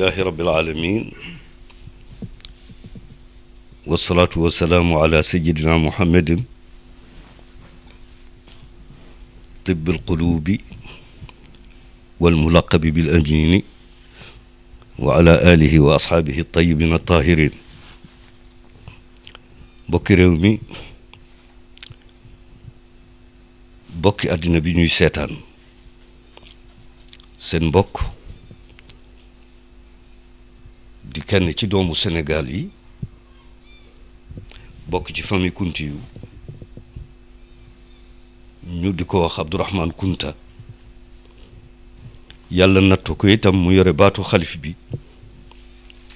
alhamdulilahi rabilalamin wasalaatu wasalaamu ala sayidina muhammadin tibbil quluubi walmulaqabi bil amini wa ala alihi wa asxaabihi tayibina tahirin bokki réew mi bokki àddina bi ñuy seetaan seen mbokk di kenn ci doomu senegaal yi bokk ci famille Kunti ñu di ko wax Abdourahmane Kunta yàlla natt ko itam mu yore baatu xalif bi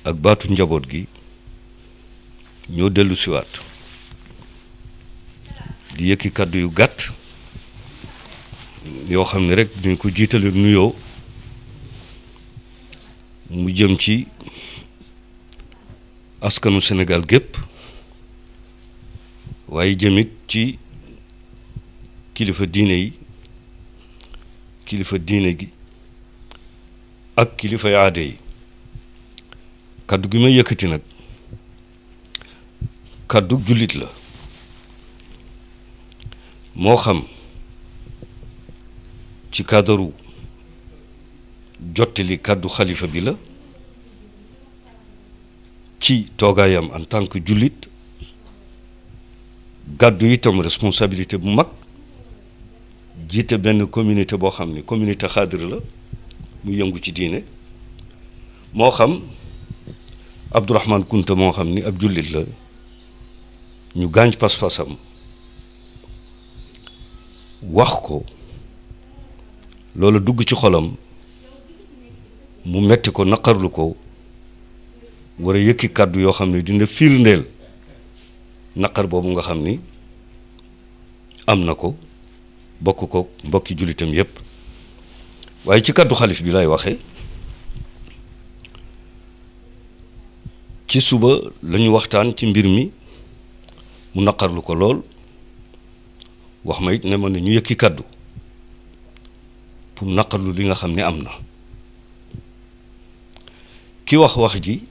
ak baatu njaboot gi ñoo dellu siwaat di yëkki kàddu yu gàtt yoo xam ne rek dañ ko jiitale nuyoo mu jëm ci askanu senegaal gépp waaye jëmit ci kilifa diine yi kilifa diine gi ak kilifa aada yi kaddu gi may yëkkati nag kàddu jullit la moo xam ci kadaru jottali kaddu xalifa bi la ci toogaayam en tant que jullit gàddu itam responsabilité bu mag jiite benn communité boo xam ne communité xaadir la mu yëngu ci diine moo xam Abdourahmane Kunta moo xam ni ab jullit la ñu gaañ pas-pasam wax ko loolu dugg ci xolam mu metti ko naqarlu ko war a yëkki kàddu yoo xam ne dina firndeel naqar boobu nga xam ni am na ko bokk ko mbokki jullitam yépp waaye ci kàddu xalif bi lay waxe ci suba lañu waxtaan ci mbir mi mu naqarlu ko lool wax ma it ne ma ne ñu yëkki kàddu pour naqarlu li nga xam ne am na ki wax wax ji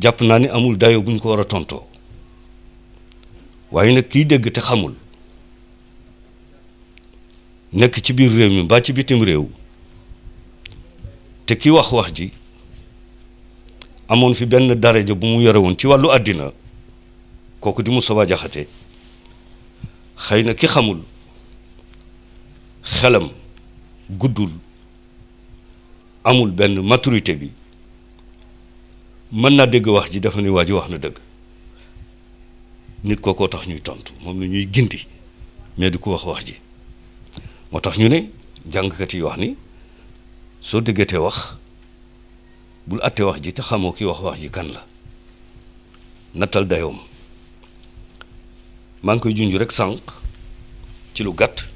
jàpp naa ni amul dayo bu ñu ko war a tontoo waaye nag kiy dégg te xamul nekk ci biir réew mi mbaa ci bitim réew te ki wax wax ji amoon fi benn daraja bu mu yore woon ci wàllu àddina kooku di Moustapha Diakhaté xëy na ki xamul xelam guddul amul benn maturité bi mën naa dégg wax ji dafa ne waa ji wax na dëgg nit kookoo tax ñuy tontu moom la ñuy gindi mais du ko wax wax ji moo tax ñu ne jàngkat yi wax ni soo déggatee wax bul àttee wax ji te xamoo ki wax wax ji kan la nattal dayoom maa ngi koy junj rek sànq ci lu gàtt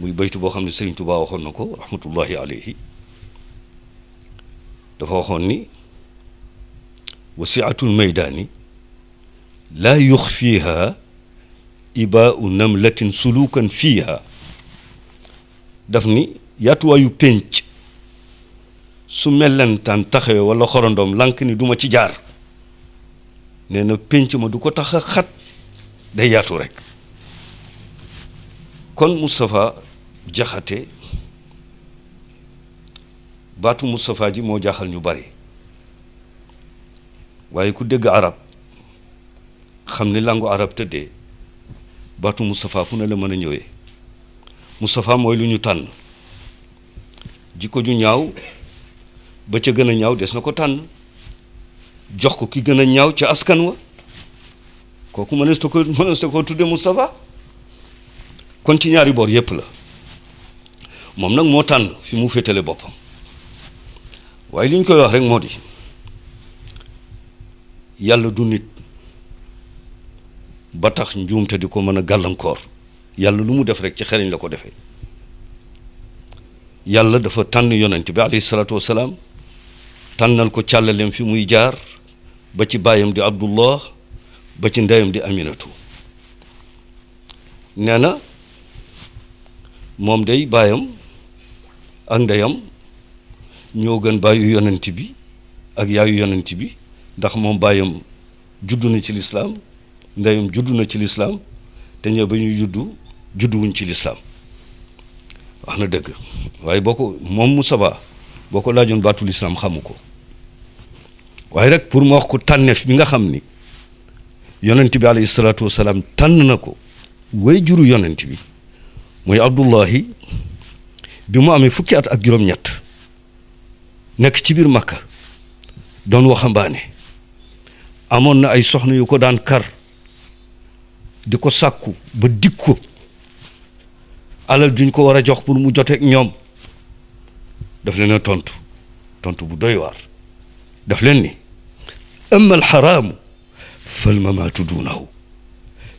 muy baytu boo xam ne Sëriñ Tuubaa waxoon na ko rahmatullahi alayhi dafa waxoon ni wasiatul maydaani laa yux fiiha nam latin suluukan fiiha daf ni yaatuwaayu pénc su mellentaan taxawee wala xorondoom lànk ni duma ci jaar nee na pénc ma du ko tax xat day yaatu rekk kon Moustapha Jaxate baatu Moustapha ji moo jaaxal ñu bari waaye ku dégg arab xam ni langu arab tëdde baatu Moustapha fu ne la mën a ñëwee Moustapha mooy lu ñu tànn jikko ju ñaaw ba ca gën a ñaaw des na ko tànn jox ko ki gën a ñaaw ca askan wa kooku mënees ta ko mënees ta ko tudde Moustapha kon ci ñaari boor yépp la moom nag moo tànn fi mu féetale boppam waaye li ñu koy wax rek moo di yàlla du nit ba tax njuumte di ko mën a gàllankoor yàlla lu mu def rek ci xereñ la ko defee yàlla dafa tànn yonent bi alayhi salaatu wasalaam tànnal ko càllaleem fi muy jaar ba ci baayam di abdullah ba ci ndeyam di aminatu nee moom day baayam ak ndeyam ñoo gën baayu yonent bi ak yaayu yonent bi ndax moom bàyyam juddu na ci lislaam ndeyam juddu na ci lislaam te ñëw ba ñuy juddu judduwuñ ci lislaam wax na dëgg waaye boo ko moom mu Ba boo ko laajoon baatu lislaam xamu ko waaye rek pour mu wax ko tànneef bi nga xam ni yonent bi alayhi salaatu wasalaam tànn na ko way juru yonent bi mooy Abdullahi bi mu amee fukki at ak juróom-ñett nekk ci biir Makka doon waxambaane amoon na ay soxna yu ko daan kar di ko sàkku ba dig ko alal duñ ko war a jox pour mu joteeg ñoom def leen a tontu tontu bu doy waar daf leen ni amma alxaraamu fal mamaatu duunahu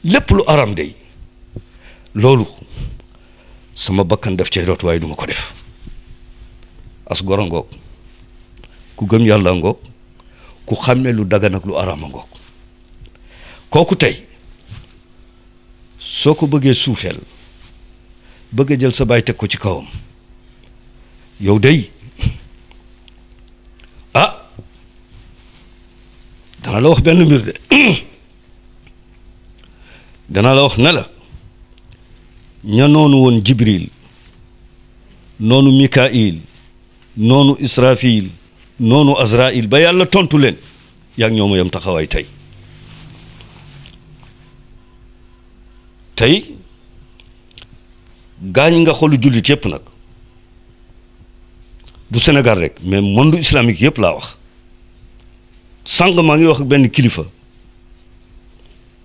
lépp lu aram day loolu sama bakkan def cay root waaye duma ko def as goro ngoog ku gëm yàlla ngoog ku xàmmee lu dagan ak lu araama ngoog kooku tey soo ko bëggee suufeel bëgg a jël sa baay teg ko ci kawam yow day ah dana la wax benn mbir de dana la wax ne la ña noonu woon jibril noonu mikail noonu israfil noonu Azraïl ba yàlla tontu leen yaa ngi ñoom yam taxawaay tey tey gaañ nga xolu jullit yépp nag du senegal rek mais monde islamique yépp laa wax sànq maa ngi wax ak benn kilifa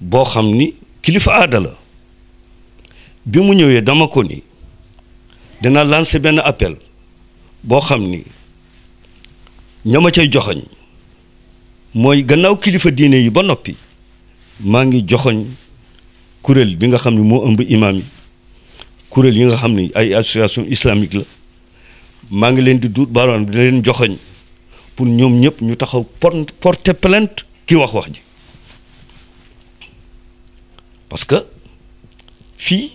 boo xam ni kilifa aada bi mu ñëwee dama ko ni dina lancer benn appel boo xam ni ña ma cay joxoñ mooy gannaaw kilifa diine yi ba noppi maa ngi joxoñ kuréel bi nga xam ni moo ëmb imaam yi kuréel yi nga xam ni ay association islamique la maa ngi leen di duut baaraan di leen joxoñ pour ñoom ñëpp ñu taxaw porter plainte ki wax wax ji parce que fii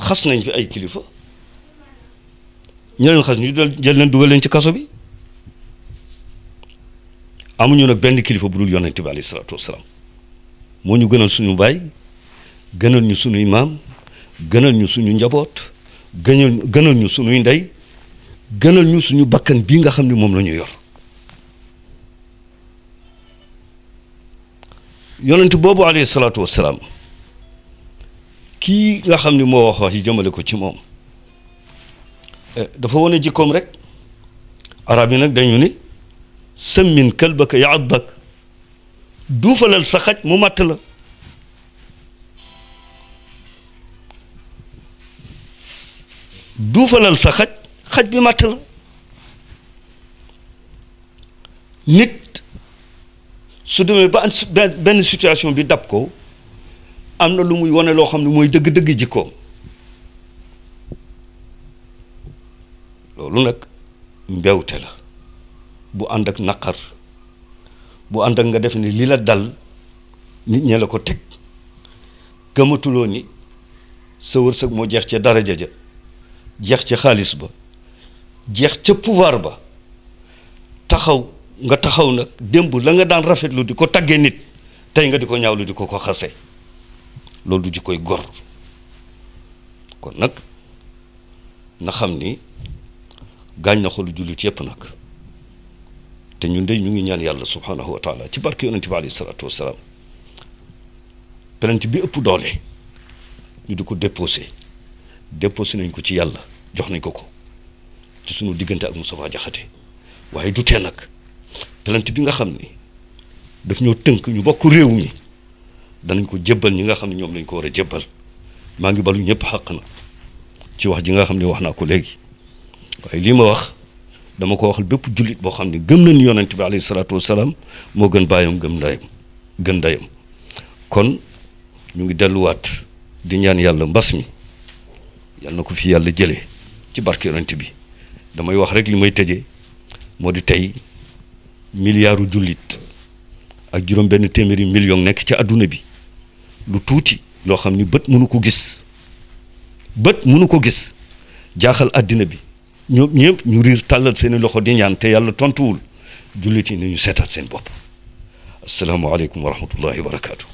xas nañ fi ay kilifa ñu leen xas ñu jël leen dugal leen ci kaso bi amuñu nag benn kilifa bu dul yonent bi alayhi salaatu wasalaam moo ñu gënal suñu baay gënal ñu suñuy maam gënal ñu suñu njaboot gënal ñu suñuy ndey gënal ñu suñu bakkan bii nga xam ne moom la ñu yor yonent boobu alayhi salaatu wasalaam kii nga xam ni moo wax wax yi jëmale ko ci moom eh, dafa wane jikkoom rek arab yi nag dañu ni sëmmin kalbaka ya'addak duufalal sa xaj mu matt la duufalal sa xaj xaj bi màtt la nit su demee ba benn situation bi dab ko am na lu muy wane loo xam ne mooy dëgg-dëgg jikkoom loolu nag mbewte la bu ànd ak naqar bu ànd ak nga def ni li la dal nit ñe la ko teg gëmatuloo ni sa wërsëg moo jeex ca daraja ja jeex ca xaalis ba jeex ca pouvoir ba taxaw nga taxaw nag démb la nga daan rafetlu di ko taggee nit tey nga di ko ñaawlu di ko ko xase loolu du ji koy gor kon nag na xam ni gaañ na xolu jullit yépp nag te ñun de ñu ngi ñaan yàlla subhaanahu wa taala ci barke yonent ti alayhi salaatu wa salaam plainte bi ëpp doole ñu di ko déposé déposé nañ ko ci yàlla jox nañ ko ko ci sunu diggante ak Moustapha Diakhaté waaye du tee nag plainte bi nga xam ni daf ñoo tënk ñu bokk réew mi danañ ko jébbal ñi nga xam ne ñoom lañ ko war a jébbal maa ngi balu ñëpp xàq na ci wax ji nga xam ne wax naa ko léegi waaye lii ma wax. dama ko waxal bépp jullit boo xam ne gëm nañu yonent bi alayhi salaatu wasalaam moo gën baayam gëm ndayam gën ndayam kon ñu ngi delluwaat di ñaan yàlla mbas mi yàlla na ko fi yàlla jële ci barke yonent bi damay wax rek li may tëje moo di tey miliyaaru jullit ak juróom benn téeméeri million nekk ci àdduna bi lu tuuti loo xam ni bët mënu ko gis bët mënu ko gis jaaxal àddina bi ñoom ñëpp ñu riir tàllal seen i loxo di ñaan te yàlla tontuwul jullit yi ñu seetaat seen bopp asalaamaaleykum wa rahmatullahi wa barakaatu.